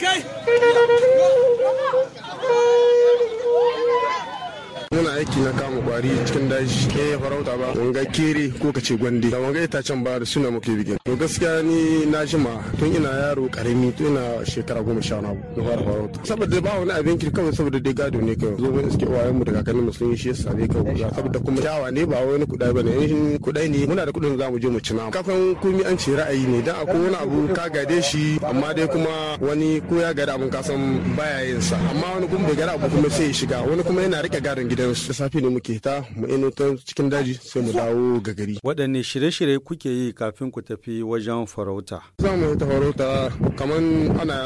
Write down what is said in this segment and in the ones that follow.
kai muna aiki na kama kwari cikin daji ke farauta ba wanga kere ko kace gwande da wanga ita can ba da suna muke bikin to gaskiya ni na jima tun ina yaro karami tun ina shekara goma sha na fara farauta saboda ba wani abin kirka kawai saboda dai gado ne kai zo mun iske wayan mu da kakannin mu sun shi yasa dai ya saboda kuma dawa ne ba wani kudai bane in kudai ne muna da kudin za mu je mu cina namu kafin komai an ce ra'ayi ne dan akwai wani abu ka gade shi amma dai kuma wani ko ya gada abun ka san baya yin sa amma wani kuma bai gada abu kuma sai ya shiga wani kuma yana rike gadon gidansu da safe ne muke fita mu ino ta cikin daji sai mu dawo ga gari. Waɗanne shirye-shirye kuke yi kafin ku tafi wajen farauta? Za mu ta farauta kamar ana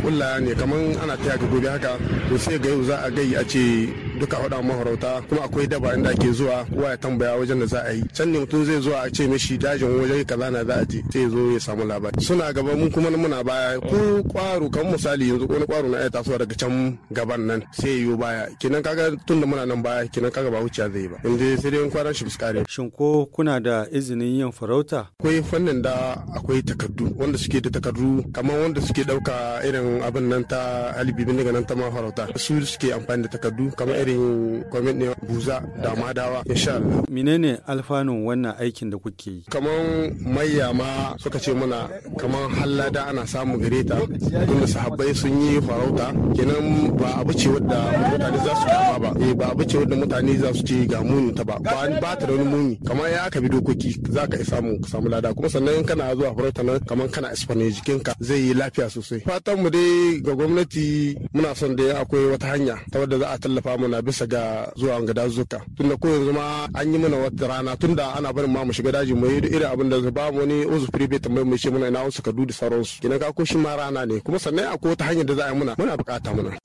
kulla ne kamar ana taya ga gobe haka to sai ga yau za a gai a ce duka faɗa maharauta kuma akwai daba inda ake zuwa kowa ya tambaya wajen da za a yi can ne mutum zai zuwa a ce mishi dajin wajen kaza na za a je sai zo ya samu labari suna gaba mun kuma muna baya ko kwaro kamar misali yanzu wani kwaro na ya tasowa daga can gaban nan sai ya baya kenan kaga tun da muna nan baya kenan kaga ba wuciya zai ba inda sai dai kwanan shi fuskare shin ko kuna da izinin yin farauta akwai fannin da akwai takardu wanda suke da takardu kamar wanda suke dauka irin abin nan ta halibi daga nan ta su suke amfani da takardu kamar irin kwamin ne buza da madawa insha Allah. Menene alfanun wannan aikin da kuke yi? Kaman mayya ma suka ce muna kaman hallada ana samu gare ta tunda sahabbai sun yi farauta kenan ba abu ce wadda mutane za su kama ba eh ba abu ce wadda mutane za su ce ga muni ta ba ba ta da wani muni kamar ya ka bi dokoki za ka samu ka samu lada kuma sannan kana zuwa farauta nan kaman kana jikin jikinka zai yi lafiya sosai fatan mu dai ga gwamnati muna son dai akwai wata hanya ta wadda za a tallafa mana na bisa ga zuwa ga dazuka tunda ko yanzu ma an yi mana wata rana tunda ana barin ma mu shiga daji mu yi irin abin da ba mu wani uzu private tambayi mu ce muna ina wasu kadu da sauransu kina ka ko shi ma rana ne kuma sannan akwai wata hanyar da za a yi muna muna bukata muna.